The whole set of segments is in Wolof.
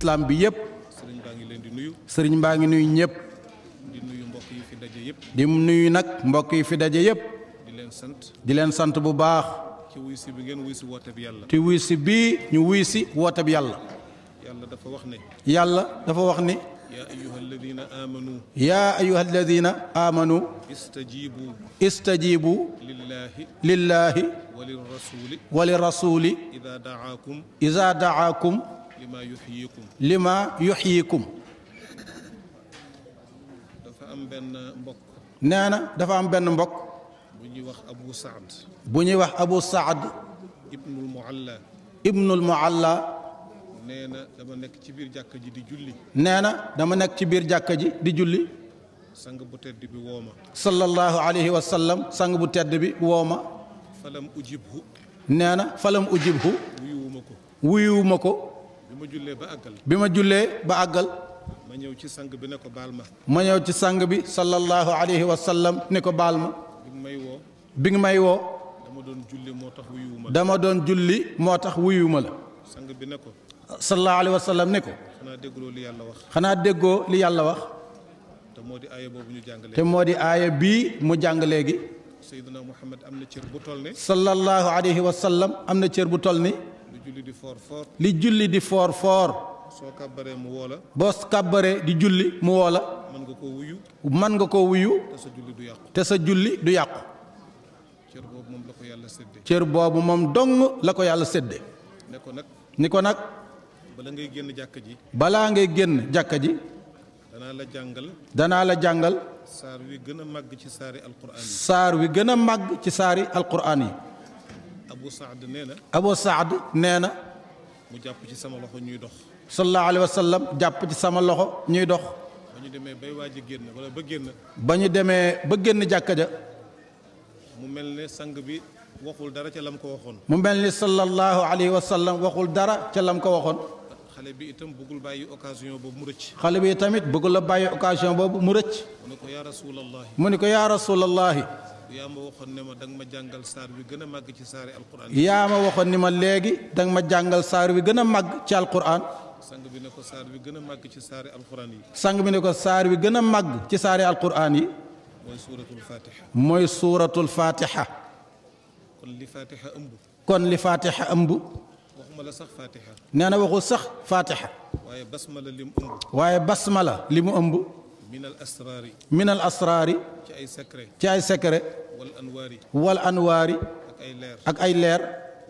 islam bi yëpp. sëriñ baa ngi leen di nuyu. sëriñ baa ngi nuyu ñëpp. di nuyu mbokk yi fi daje yëpp. di nuyu nag mbokk yi fi daje yëpp. di leen sant. di leen sant bu baax. ci wuy si bi ngeen wuy si woote bi yàlla. ci wuy si bii ñu wuy si woote bi yàlla. yàlla dafa wax ne. yàlla dafa wax ne. yaa ayyuhal ladina amanu. yaa ayyuhal ladina amanu. istajibu. istajibu. lillahi. lillahi. wali rasuli. wali rasuli. iza daakum. iza daakum. lima yuxyikum lima yuxyikum dafa am benn mbok nee dafa am benn mbok bu ñuy wax abu saad bu ñuy wax abu saad ibnul mualla ibnul mualla nee na dama nekk ci biir jàkka ji di julli nee dama nekk ci biir jàkka ji di julli sang bu tedd bi woo ma sallallahu alayhi sang bu tedd bi woo ma falam ujibhu nee na falam ujibhu wuyuwuma ko wuyuwuma ko ma jullee ba àggal. bi ma jullee ba àggal. ma ñëw ci sang bi ne ko baal ma. ma ñëw ci sang bi sallallahu alayhi wa sallam ne ko baal ma. bi nga may woo. bi nga may woo. dama doon julli moo tax wuyu ma la. dama doon julli moo tax wuyu ma la. sang bi ne ko. sallallahu alayhi wa ne ko. xanaa déggoo li yàlla wax. xanaa déggoo li yàlla wax. te moo di aaya ñu jàng moo di aaya bii mu jàng léegi. Seydina Muhammad am na cër bu toll ni. sallallahu alayhi wa sallam am na cër bu toll ni. li julli di foor foor soo kàbbaree mu woo la. di julli mu woo mën nga koo wuyu. mën nga koo wuyu. sa julli du yàqu. te sa julli du yàqu. cër boobu moom la yàlla séddee. cër boobu moom dong la ko yàlla séddee. ne ko nag. ni ko nag. bala ngay génn jàkka ji. balaa ngay génn jàkka ji. danaa la jàngal. danaa la jàngal. saar wi gën a màgg ci saari alquraan gën a màgg ci saari alquraan yi. Abu Saad nee na. Abu Saad nee na. mu jàpp ci sama loxo ñuy dox. sallallahu alayhi wa jàpp ci sama loxo ñuy dox. ba ñu demee bay waaj a génn wala ba génn. ba demee ba génn jàkka ja. mu mel ne sang bi waxul dara ca lam ko waxoon. mu mel ni sallallahu alayhi wa sallam waxul dara ca lam ko waxoon. xale bi itam bëggul bàyyi occasion boobu mu rëcc. xale bi tamit bëggul la bàyyi occasion boobu mu rëcc. mu ni mu ni ko yaa rasulallahi. yaa ma waxoon ne ma danga ma jàngal saar wi gën a màgg ci saari alquran. yaa ma waxoon ni ma léegi ma jàngal saar wi gën a màgg ci alquran. sang bi ne ko saar wi gën a màgg ci saari alquran yi. sang bi ne ko saar wi gën a màgg ci saari alquran yi. mooy suuratul fatiha. mooy suuratul fatiha. kon li fatiha ëmb. kon li fatiha ëmb. waxuma la sax fatiha. nee na waxul sax fatiha. waaye basmala la li mu ëmb. minal asraari. ci ay secret. ci ay secret. wal anwaari. ak ay leer.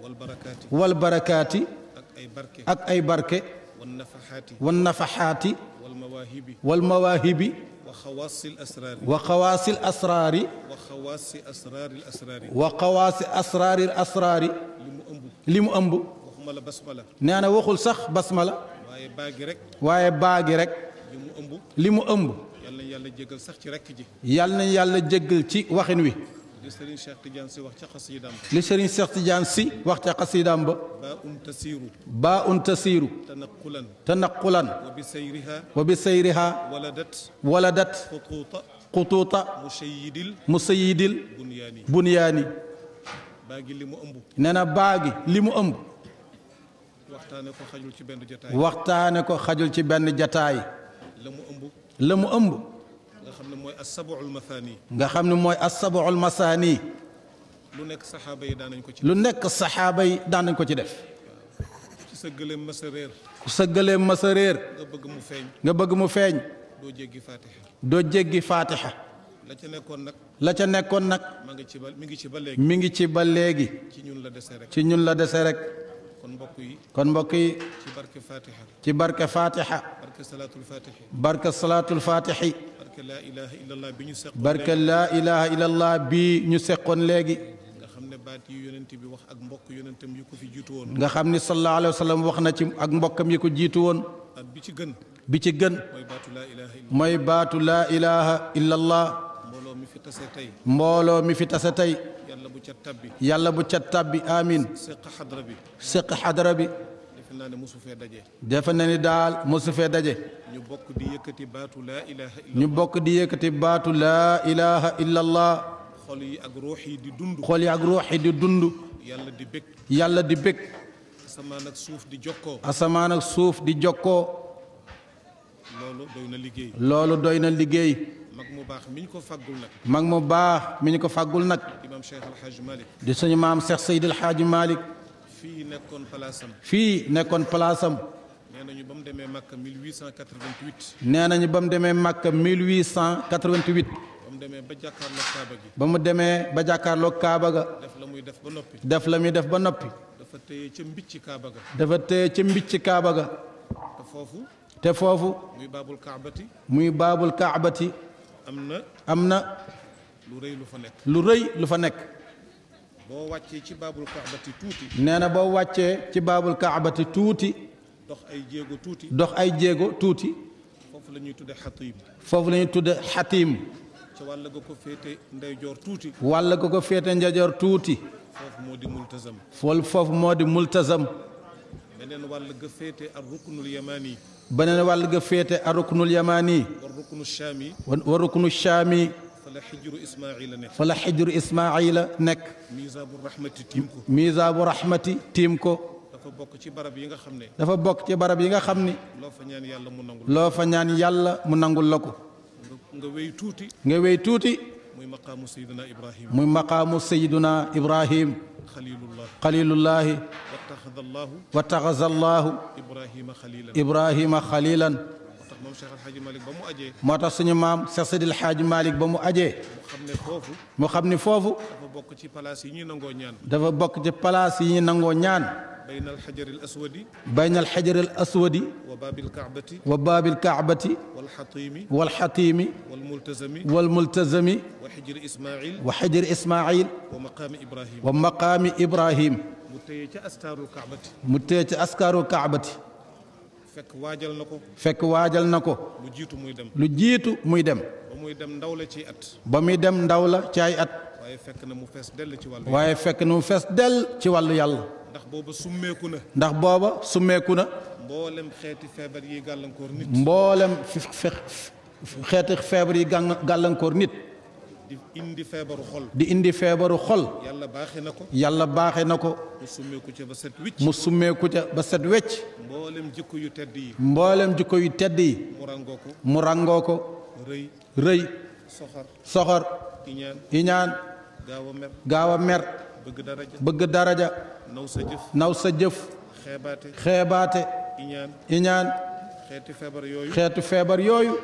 wal barakaati. wal barakaati. ak ay barke. ak ay barke. wan nafaxaati. wan nafaxaati. wal mawaahibi. wal wa xawaasi asraari. wa xawaasi asraari. wa xawaasi asraari asraari. wa xawaasi asraari asraari. li mu ëmb. li waxul sax basmala. waaye baagi rek. waaye baagi rek. li mu ëmb. yàlla jéggal sax ci rekk ji. yàlla nañ yàlla jéggal ci waxin wi. li Serigne Cheikh si wax ca ba. li Serigne Cheikh si wax ca xasidaam ba. baa un tasiiru. tanaqulan. tanaqulan. wa bi sayriha. wa bi sayriha. waladat. waladat. xutuuta. xutuuta. bunyaani. bunyaani. baagi li mu ëmb. nee na waxtaane ko xajul ci benn jataay. waxtaane ko xajul ci benn jataay. la mu la mu ëmb. nga xam ne mooy as-sab'ul masaani. nga xam ne mooy as-sab'ul masaani. lu nekk saxaaba yi daan nañ ko ci. lu nekk saxaaba yi daan nañ ko ci def. ku sa gëleem masa réer. sa gëléem masa réer. nga bëgg mu feeñ. nga bëgg mu feeñ. doo jéggi faatiha. doo jéggi faatiha. la ca nekkoon nag. la ca nekkoon nag. mi ngi ci ba mi ngi ci ba léegi. mi ngi ci ba léegi. ci ñun la dese rek. ci ñun la dese rek. kon mbokk yi. kon mbokk yi. ci barke Fatiha. ci barke Fatiha. barke Salatul Fatihi. barke Salatul Fatihi. barke laa ilaha illallah bi ñu seqoon. barke laa ilaha illallah bi ñu seqoon léegi. nga xam ne baat yi yonent bi wax ak mbokk yonentam yi ko fi jiitu nga xam ne sallallahu alayhi wax na ci ak mbokkam yi ko jiitu woon. bi ci gën. bi ci gën. mooy baatu laa ilaha illallah. mbooloo mi fi tase tey. mbooloo mi fi tase tey. bu cat tabbi. yàlla bu cat tabbi amiin. seq xadra bi. seq xadra bi. defe naa ne mosu fee daje. defe na ni daal mosu fee daje. ñu bokk di yëkkati baatu laa ilaha illallah. ñu bokk di yëkkati baatu laa ilaha illallah. xol yi ak ruux di dund. xol yi ak di dund. yàlla di bég. yàlla di bég. asamaan ak suuf di jokkoo. asamaan ak suuf di jokkoo. loolu loolu doy na liggéey. mag mu baax mi ñu ko faggul nag. mag mu baax mi ñu ko faggul nag. di maam Cheikh El di suñu maam Cheikh Seydi El Hadj Malick. fii nekkoon palaasam. fii nekkoon palaasam. nee nañu ba mu demee Makka 1888. nee nañu ba mu demee Makka 1888. ba mu demee ba jàkkaarloo Kaaba gi. ba mu demee ba jàkkaarloo Kaaba ga. def la muy def ba noppi. def la muy def ba noppi. dafa téye ca mbicc Kaaba ga. dafa téye ca mbicc Kaaba ga. foofu. te foofu. muy baabul kaabati. muy baabul kaabati. am na. am na. lu rëy lu fa nekk. lu rëy lu fa nekk. boo wàccee ci baabul kaabati tuuti. nee na boo wàccee ci baabul kaabati tuuti. dox ay jéego tuuti. dox ay jéego tuuti. foofu la ñuy tuddee xatiim. foofu lañuy ñuy tuddee xatiim. ca wàll ga ko féete ndeyjoor tuuti. wàll ga ko féete ndeyjoor tuuti. foofu moo di multazam. foofu moo di multazam. beneen wàll ga féete ar ruknul yamaani beneen wàll ga féete ar ruknul yamaani war ruknu shaami war ruknu shaami fa la xijru ismaila nekk fa la xijru ismaila nekk misaabu rahmati tiim ko misaabu rahmati tiim ko dafa bokk ci barab yi nga xam ne dafa bokk ci barab yi nga xam ni loo fa ñaan yàlla mu nangul loo fa yàlla mu nangul la ko nga wéy tuuti nga wéy tuuti muy maqaamu sayyiduna ibrahim muy maqaamu sayyiduna ibrahim xalilullaahi wattaxaza allaahu ibrahima xalilan moo tax suñu maam Cheikh Sidil Xaaji Malick ba mu ajee mu xam ni foofu dafa bokk ci palaas yi ñuy nangoo ñaan bayna alxajar alaswadi bayna alxajar alaswadi wa baabil kaabati wa baabil kaabati walxatiimi walxatiimi walmultazami walmultazami wa xijri ismail wa xijri ismail wa maqaami ibrahim wa maqaami ibrahim mu téye ca askaaru kaabati mu téye ca askaaru kaabati fekk waajal na ko fekk waajal na ko lu jiitu muy dem lu jiitu muy dem ba muy dem ndaw la ci at ba muy dem ndaw la ci at waaye fekk na mu fees dell ci wàllu yàlla waaye fekk na fees dell ci wàllu yàlla ndax booba summeeku na. ndax booba summeeku na. mboolem xeeti feebar yi gàllankoor nit. mboolem xeeti feebar yi gàllankoor nit. di indi feebaru xol. di indi feebaru xol. yàlla baaxee na ko. yàlla baaxee na ko. mu summeeku ca ba set wecc. summeeku ca ba set wecc. mboolem jikko yu tedd yi. mboolem jikko yu tedd yi. mu ràngoo ko. mu rëy. rëy. soxor. iñaan. iñaan. mer. bëgg daraja bëgg daraja. naw sa jëf naw sa jëf. xeebaate xeebaate. iñaan iñaan. xeetu feebar yooyu xeetu feebar yooyu.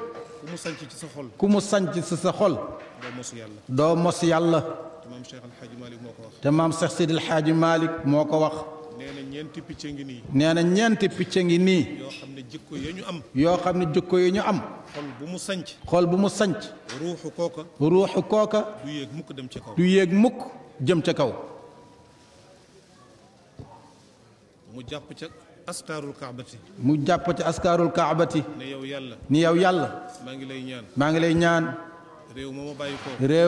ku mu sanc ci sa xol ku mu sanc ci sa xol. doo mos yàlla doo mos yàlla. te maam Cheikh El Hadj moo ko wax. te maam Cheikh Sidi El Hadj moo ko wax. nee na ñeenti picc ngi nii. nee na ñeenti picc ngi nii. yoo xam ne jikko ya ñu am. yoo xam ne jikko ya ñu am. xol bu mu sanc. xol bu mu sanc. ruuxu kooka. ruuxu kooka. du yéeg dem ci kaw. du yéeg mukk. jëm ca kaw mu jàpp ca askaarul kaabati mu jàpp ca askaarul kaabati ni yow yàlla ni yow yàlla maa ngi lay ñaan maa ngi lay ñaan réew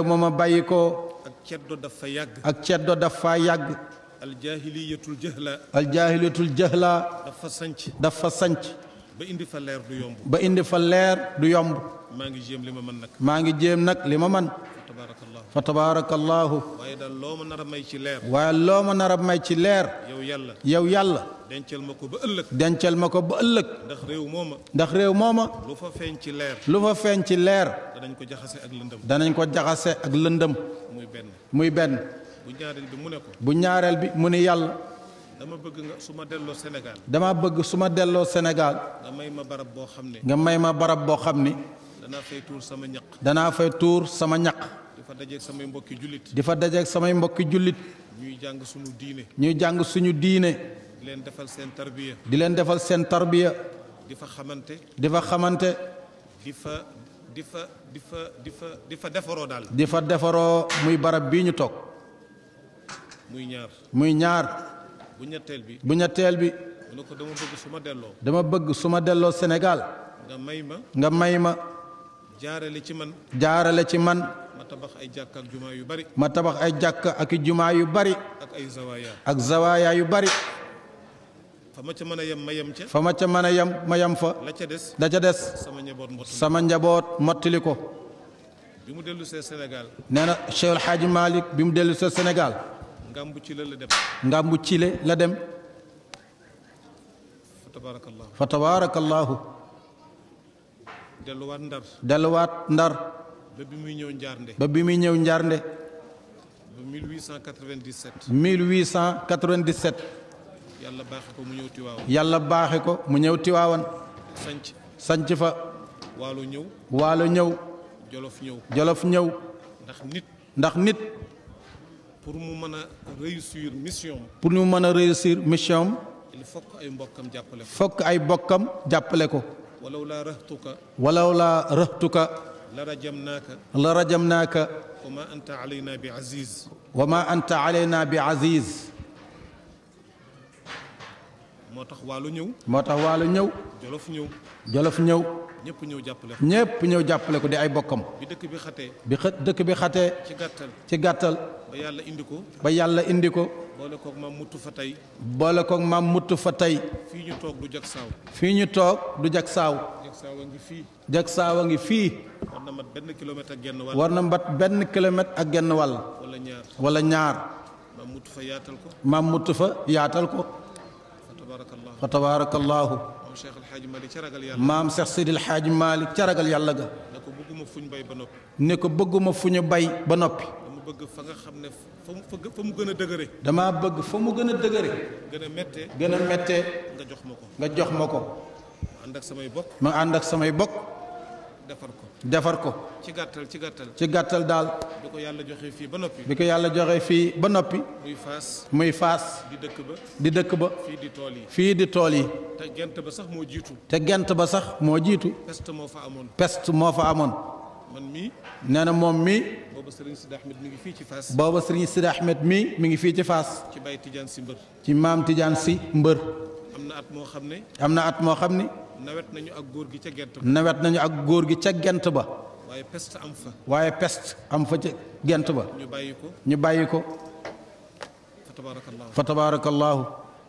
ma ma bàyyi ko ak ceddo dafa yàgg ak ceddo dafa yàgg aljaahiliyatul jahla aljaahiliyatul jahla dafa sanc dafa sanc ba indi fa leer du yomb ba indi fa leer du yomb maa ngi jéem li ma mën nag maa ngi jéem nag li ma mën fa tabaarakallaahu waaye daal loo ma nar a may ci leer. waaye loo ma nar a may ci leer. yow yàlla yow yàlla. dencal ma ko ba ëllëg. denceel ma ko ba ëllëg. ndax réew mooma. ndax réew mooma. lu fa feeñ ci leer. lu fa feeñ ci leer. danañ ko jaxase ak lëndëm. danañ ko jaxase ak lëndëm. muy benn muy benn. bu ñaareel bi mu ne ko. bu ñaareel bi mu ne yàlla. dama bëgg nga su ma delloo Sénégal. dama bëgg su ma delloo Sénégal. nga may ma barab boo xam ne. nga may ma barab boo xam ne. danaa fay tuur sama ñaq. danaa fay tuur sama ñaq. fa dajeeg samay mbokki jullit. di fa dajeeg samay mbokki jullit. ñuy jàng suñu diine. ñuy jàng suñu diine. di leen defal seen tarbiya. di leen defal seen tarbiya. di fa xamante. di fa xamante. di fa di fa di fa di fa defaroo daal. di fa defaroo muy barab bii ñu toog. muy ñaar. muy ñaar. bu ñetteel bi ñetteel bi. mu ko dama bëgg su ma delloo. dama bëgg su delloo Sénégal. may ma nga may ma. jaarale ci man. jaarale ci man. ma tabax ay jàkk ak jumaa yu bari. ma tabax ay jàkk ak jumaa yu bari. ak ay zawaaya. ak zawaaya yu bari. fa ma ca mën a yem ma yem ca. fa ma ca mën a yem ma yem fa. la ca des. la des. sama njaboot mottali sama njaboot mottali ko. bi mu dellu see Sénégal. na Cheikh El bi mu dellu see Sénégal. Ngambu Chile la dem. Ngambu Chile la dem. fa tabaarakallahu. delluwaat Ndar. ba bi muy ñëw Njaarnde. ba bi muy ñëw Njaarnde. ba 1897. 1897. yàlla baaxe ko mu ñëw Tiwaawan. yàlla baaxe ko mu ñëw Tiwaawan. sanc sanc fa. waalo ñëw. waalo ñëw. jolof ñëw. jolof ñëw. ndax nit. ndax nit. pour mu mën a réussir mission pour mu mën a réussir mission il faut ay mbokkam jàppale ko. fokk ay mbokkam jàppale ko. walaw laa rëxtuka. walaw laa rëxtuka. la rajamnaaka la rajamnaaka wa ma anta alayna bi aziz wa ma anta alayna bi aziz moo tax waalo ñëw moo tax waalo ñëw jolof ñëw jolof ñëpp ñëw jàppale ko ñëpp ñëw jàppale ko di ay bokkam. bi dëkk bi xatee. bi xa dëkk bi xate ci gàttal ci gàttal. ba yàlla indi ko. ba yàlla indi ko. boole koog maam muttu fa tey. boole koog maam muttu fa tey. fii ñu toog du jag saaw. fii ñu toog du jag saaw. jag saawa ngi fii. jag saawa ngi fii. war na mat benn kilomètre ak genn wàll. war na mat benn kilomètre ak genn wàll. wala ñaar wala ñaar. maam muttu fa yaatal ko. maam muttu fa yaatal ko. fa tabaarakallahu. maam Cheikh Seydil Hadji Malick ca ragal yàlla ga. ne ko bëgguma fu bay ba noppi. ne ko bëgguma fu ñu bay ba noppi. dama bëgg fa nga xam ne fa mu gën a dëgëre. damaa bëgg fa mu gën a dëgëre. gën a méttee. gën a méttee. nga jox ma ko. nga jox ma ko. ànd ak samay bokk. ma ànd ak samay bokk. defar ko defar ko. ci gàttal ci gàttal. ci gàttal daal. bi ko yàlla joxe fii ba noppi. bi ko yàlla joxe fii ba noppi. muy faas. muy faas. di dëkk ba. di dëkk ba. fii di tool yi. fii di tool yi. te gent ba sax moo jiitu. te gent ba sax moo jiitu. peste moo fa amoon. peste moo fa amoon. man mii. nee na moom mii. booba Serigne Sidi Ahmed mi ngi fii ci Fass. booba Serigne Sidi Ahmed mii mi ngi fii ci Fass. ci Baye Tidiane si mbër. ci maam Tidiane si mbër. am na at moo xam ne. am na at moo xam ni nawet nañu ak góor gi ca gent ba. nawet nañu ak góor gi ca gent ba. waaye pest am fa. waaye peste am fa ca gent ba. ñu bàyyi ko ñu bàyyi ko. fa tabaarakallaahu fa tabaarakallaahu.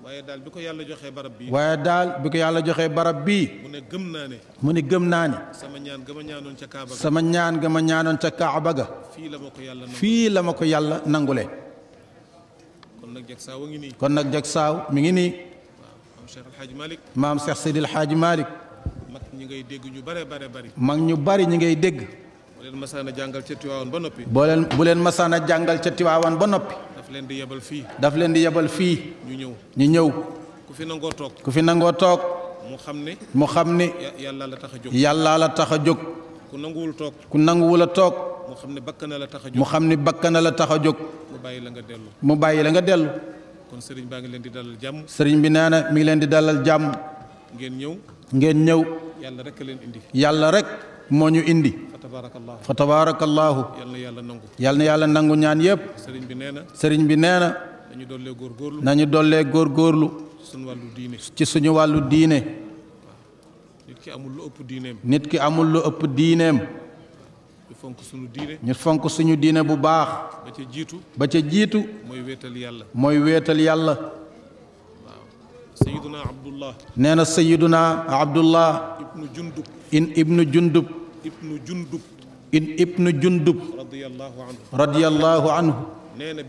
waaye daal bi ko yàlla joxe barab bii. waaye daal bi yàlla joxee barab bii. mu ne gëm naa ne. mu ne gëm naa ne. sama ñaan ga ma ñaanoon ca Kaaba ga. sama ñaan ga ma ñaanoon ca Kaaba ga. fii la ma ko yàlla nangulee fii la ko yàlla nangulee. kon nag jag saaw mi ngi nii. Cheikh El Hadj Malick. maam Cheikh Seydil Hadj Malick. mag ñi ngay dégg ñu bare bare bari. mag ñu bari ñi ngay dégg. boo leen masaana jàngal ca Tiwaawan ba noppi. boo leen bu leen masaana jàngal ca Tiwaawan ba noppi. daf leen di yebal fii. daf leen di yebal fii. ñu ñëw ñu ñëw. ku fi nangoo toog. ku fi nangoo toog. mu xam ne. mu xam ne. yàlla la tax a jóg. yàlla la tax a jóg. ku nanguwul toog. ku nanguwul a toog. mu xam ne bakkan la tax a jóg. mu xam ne bakkan la tax a jóg. mu bàyyi la nga dellu. mu bàyyi la nga dellu. kon sëriñ baa leen di dalal jàmm. sëriñ bi nee na ngi leen di dalal jàmm. ngeen ñëw. ngeen ñëw. yàlla rek leen indi. yàlla rek moo ñu indi. fa tabaarakallaahu. yal na yàlla nangu. yal na yàlla nangu ñaan yëpp. sëriñ bi nee na. sëriñ bi nee na. nañu dollee góorgóorlu. nañu dollee góorgóorlu. ci suñu wàllu diine. ci suñu wàllu diine. nit ki amul lu ëpp diineem. nit ki amul lu ëpp diineem. fonk suñu diine. ñu fonk suñu diine bu baax. ba ca jiitu. ba ca jiitu. mooy wéetal yàlla. mooy wéetal yàlla. waaw Sayyiduna Abdullah. nee na Sayyiduna Abdullah. Ibnu Jundub. in Ibnu Jundub. Ibnu Jundub. in Ibnu Jundub. radiyallahu anhu. radiyallahu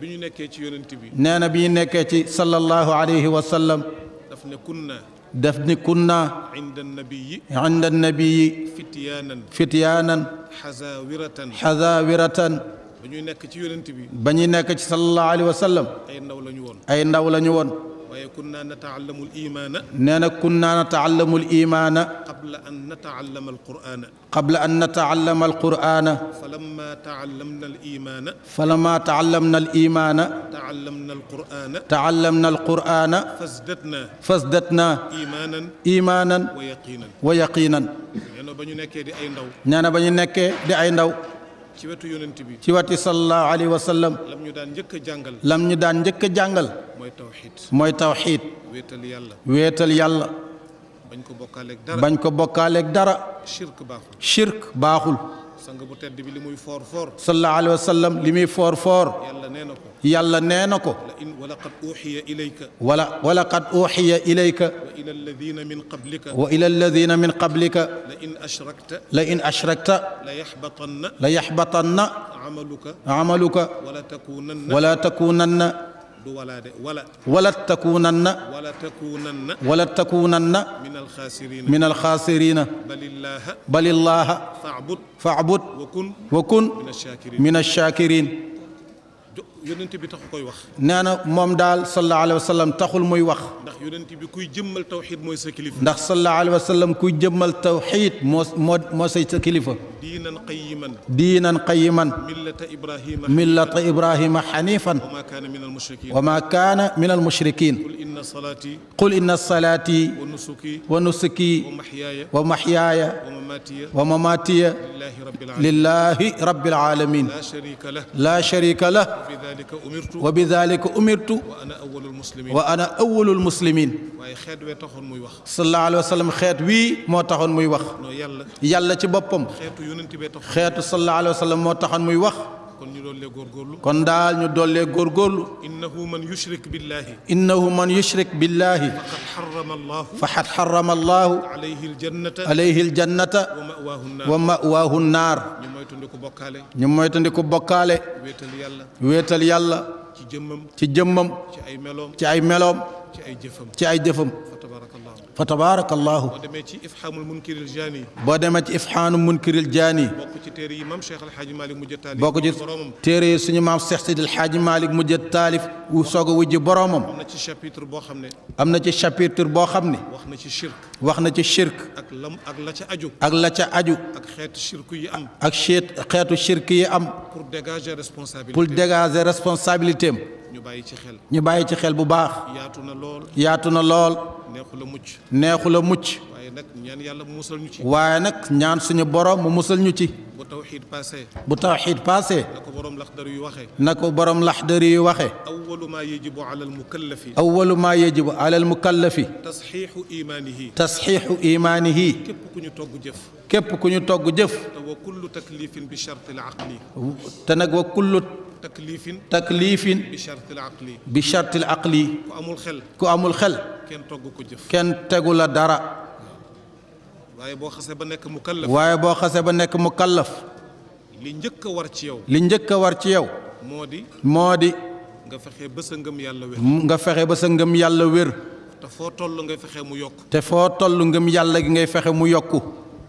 bi ñu nekkee ci yonent bi. nee na bi ñu nekkee ci sallallahu alayhi wa sallam. daf ne kunna. daf ni kunna inda nabiyi fityaanan xazaawiratan ba ñuy nekk ci sallallahu alayhi wa sallam ay ndaw la ñu woon waaye kunnaa nata'allamu al-iimaana nee na kunnaa nata'allamu al-iimaana qabla an nata'allama al-qur'aana qabla an nata'allama al-qur'aana falammaa ta'allamnaa al-iimaana falammaa ta'allamnaa al-iimaana ta'allamnaa al-qur'aana ta'allamnaa al-qur'aana fazdatnaa fazdatnaa iimaanan iimaanan wa yaqiinan wa yaqiinan nee na ba ñu nekkee di ay ndaw nee na ba ñu nekkee di ay ndaw ci wetu yonent bi ci wetu sallallahu sallam lam ñu daan njëkk a jàngal lam ñu daan njëkk jàngal mooy tawxiid mooy tawxiid wéetal yàlla wéetal yàlla bañ ko bokkaaleeg dara bañ ko bokkaaleeg dara shirk baaxul shirk baaxul sang bu tedd bi li muy foor foor. sallallahu alayhi wa sallam li muy foor foor. yàlla nee na ko. yàlla nee na ko. wala qad uuxiya ilayka. wala wala qad uuxiya ilayka. wa ila alladina min qablika. wa ila alladina min qablika. la in ashrakta. la in ashrakta. la yaxbatanna. la yaxbatanna. amaluka. amaluka. wala takunanna. wala takunanna. du wala de wala. wala takuunanna. wala takuunanna. wala takuunanna. minal xaasiriina. minal xaasiriina. balillaaha. balillaaha. faabud. faabud. wa kun. wa kun. mina shaakiriin. yonent bi taxu koy wax. nee na moom daal sallallahu alayhi wa sallam taxul muy wax. ndax yonent bi kuy jëmmal tawxiid mooy sa kilifa. ndax sallallahu alayhi wa sallam kuy jëmmal tawxiid moo moo moo say sa kilifa. diinan qayiman. diinan qayiman. millata Ibrahima. millata Ibrahima xanifan. wa maa kaana minal mushrikiin. wa maa kaana minal mushrikiin. qul inna salaati. qul inna salaati. wa nusuki. wa nusuki. wa maxyaaya. wa maxyaaya. wa mamaatiya. lillaahi rabbil aalamiin. laa shariika lah. wa bi daalika umirtu wa ana awwalul muslimin sallallahu alayhi wa sallam xeet wii moo taxoon muy wax yàlla ci boppam xeetu sallallahu alayhi wa sallam moo taxoon muy wax kon ñu dollee góorgóorlu. kon daal ñu dollee góorgóorlu. innahu man yushrik billahi. innahu man yushrik billahi. faqad harrama allahu. faqad harrama allahu. alayhi aljannata. alayhi aljannata. wa ma'waahu naar. ñu moytandiku bokkaale. ñu moytandiku bokkaale. wéetal yàlla. wéetal yàlla. ci jëmmam. ci jëmmam. ci ay melom ci ay meloom. ci ay jëfam. ci ay jëfam. fa tabaarakallaahu boo demee ci ifhaamul munkiril jaani boo demee ci ifhaamul munkiril jaani bokk ci téere yi mam Cheikh El Hadj Malick mujj taalif bokk ci téere yi maam Cheikh Sidi El Hadj Malick mujj taalif wu soog a wujj boromam. am na ci chapitre boo xam ne. am na ci chapitre boo xam ne. wax na ci shirk. wax na ci shirk. ak lam ak la ca aju. ak la ca aju. ak xeetu shirk yi am. ak xeetu shirk yi am. pour dégager responsabilité responsabilité am. ñu bàyyi ci xel ñu bàyyi ci xel bu baax. yaatu na lool yaatu na lool. neexu la mucc neexu la mucc. waaye nag ñaan yàlla musal ñu ci. waaye nag ñaan suñu borom mu musal ñu ci. bu tawxiid paase. bu tawxiid paase. na ko borom laxdar yu waxee. na ko borom laxdar yu waxee. awwalu maa yajibu alal mukallafi. awwalu maa yajibu alal mukallafi. tasxiixu imaanihi. tasxiixu imaanihi. képp ku ñu togg jëf. képp ku ñu togg jëf. te wa kullu taklifin bi sharti al aqli. te nag wa kullu. takliifin takliifin bi chartil aqli ku amul xel ku amul xel kenn togg ko jëf kenn tegu la dara waaye boo xasee ba nekk mukallaf waaye boo xasee ba nekk mukallaf li njëkk a war ci yow li njëkk a war ci yow moo di moo di nga fexe ba sa ngëm yàlla wér nga fexe ba sa yàlla wér te foo toll ngay fexe mu yokk te foo toll ngëm yàlla gi ngay fexe mu yokk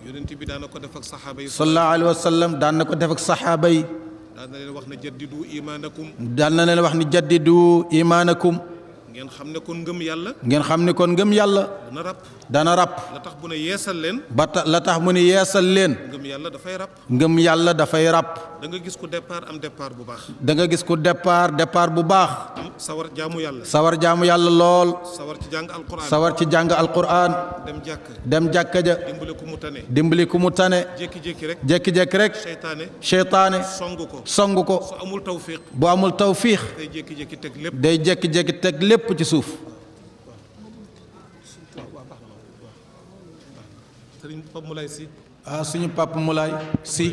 yonent bi daan ko def ak daan na ko def ak saxaaba yi daan na leen wax ne jaddidu imaanakum daan na leen wax ne jaddidu imaanakum ngeen xam ne kon ngëm yàlla. ngeen xam ne kon ngëm yàlla. dana ràpp dana ràpp. la tax mu ne yeesal leen. ba ta la tax mu ne yeesal leen. ngëm yàlla dafay ràpp. ngëm yàlla dafay ràpp. da gis ku départ am départ bu baax. da nga gis ku départ départ bu baax. sawar jaamu yàlla. sawar jaamu yàlla lool. sawar ci jàng alquran. sawar ci jàng alquran. dem jàkka. dem jàkka ja. dimbali ku mu tane. dimbali ku mu tane. jékki rek. jékki-jékki rek. seytaane. seytaane. song ko. song ko. su amul tawfiq. bu amul tawfiq. day jékki-jékki teg lépp. lépp ci suuf ah suñu pap Moulay si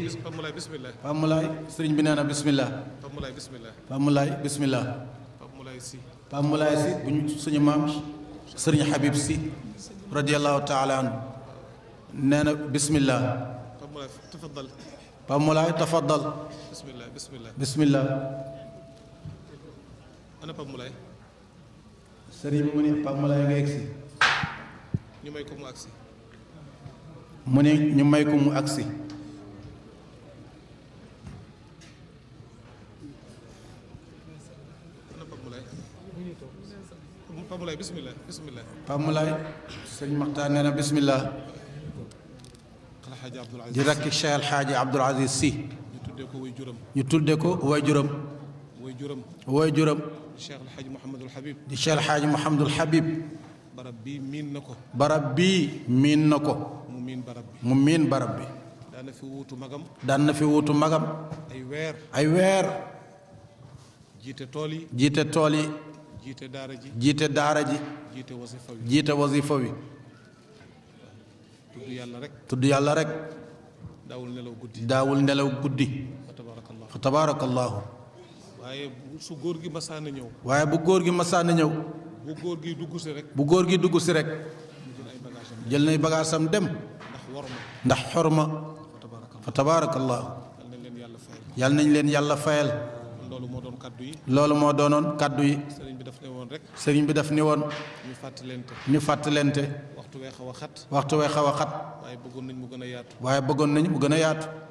bi nee na bismillah pap Moulay bismillah pap Moulay si bu ñu suñu maam sëriñ Habib si radiyallahu taala anhu nee bismillah pap Moulay tafaddal bismillah sëriñ mu ne Pape Malaye nga egsi ñu may ko mu agsi ñu may ko mu agsi Pape Malaye bismillah bismillah Pape Malaye sëriñ na bismillah di rakki Cheikh Alxaaji Abdul Si ñu tudde ko way juram way juram way juram di Cheikh El Hadj Habib. di miin na ko. barab miin na ko. mu miin barab bi mu miin barab bi. na fi wuutu magam. daan fi wutu magam. ay weer jiite tool yi. jiite tool jiite daara ji jiite daara ji. wasifa wi tudd yàlla rek. tudd yàlla rek. daawul nelaw guddi daawul nelaw guddi. fa tabaarakallahu waaye su góor gi masaana ñëw. waaye bu góor gi masaana ñëw. bu góor gi dugg si rek. bu góor gi dugg si rek. jël nay bagaasam dem. ndax xorma. ndax xorma. fa tabaarakallahu. yal nañ leen yàlla fayal. loolu moo doon kaddu yi. loolu moo doonoon kàddu yi. sëriñ bi daf ne woon rek. sëriñ bi daf ne woon. ñu fàttalente. ñu fàttalente. waxtu wee xaw a xat. waxtu wee xaw xat. waaye bëggoon nañ mu gën a yaatu. waaye bëggoon nañ mu gën a yaatu.